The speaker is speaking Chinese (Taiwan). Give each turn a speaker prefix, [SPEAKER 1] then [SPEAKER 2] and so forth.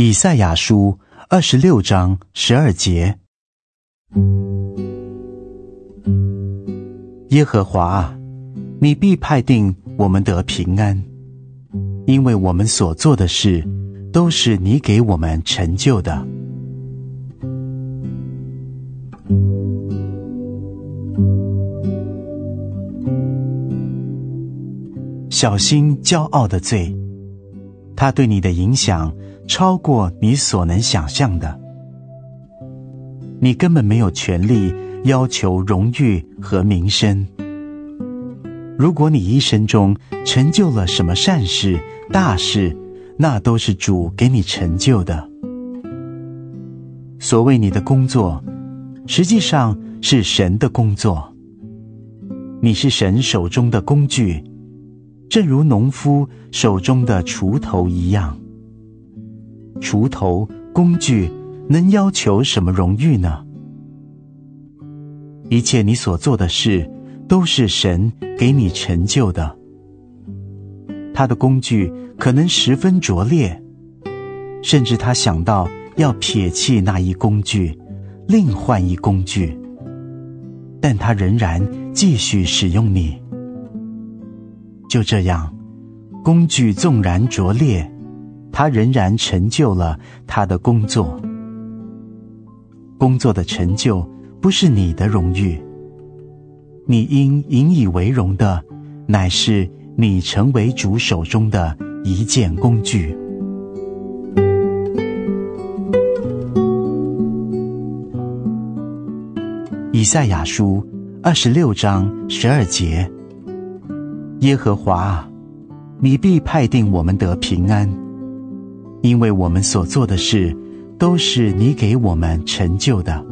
[SPEAKER 1] 以賽亞書二十六章十二節：耶和華啊，你必派定我們得平安，因為我們所做的事，都是你給我們成就的。小心驕傲的罪。他對你的影響超過你所能想象的。你根本沒有權利要求榮譽和名聲。如果你一生中成就了什麼善事、大事，那都是主給你成就的。所謂你的工作，實際上是神的工作。你是神手中的工具。正如農夫手中的鋤頭一樣，鋤頭工具能要求什麼榮譽呢？一切你所做的事，都是神給你成就的。他的工具可能十分拙劣，甚至他想到要撇棄那一工具，另換一工具，但他仍然繼續使用你。就這樣，工具縱然拙劣，他仍然成就了他的工作。工作的成就不是你的榮譽，你應引以為榮的，乃是你成為主手中的一件工具。以賽亞書二十六章十二節。耶和華，你必派定我們得平安，因為我們所做的事，都是你給我們成就的。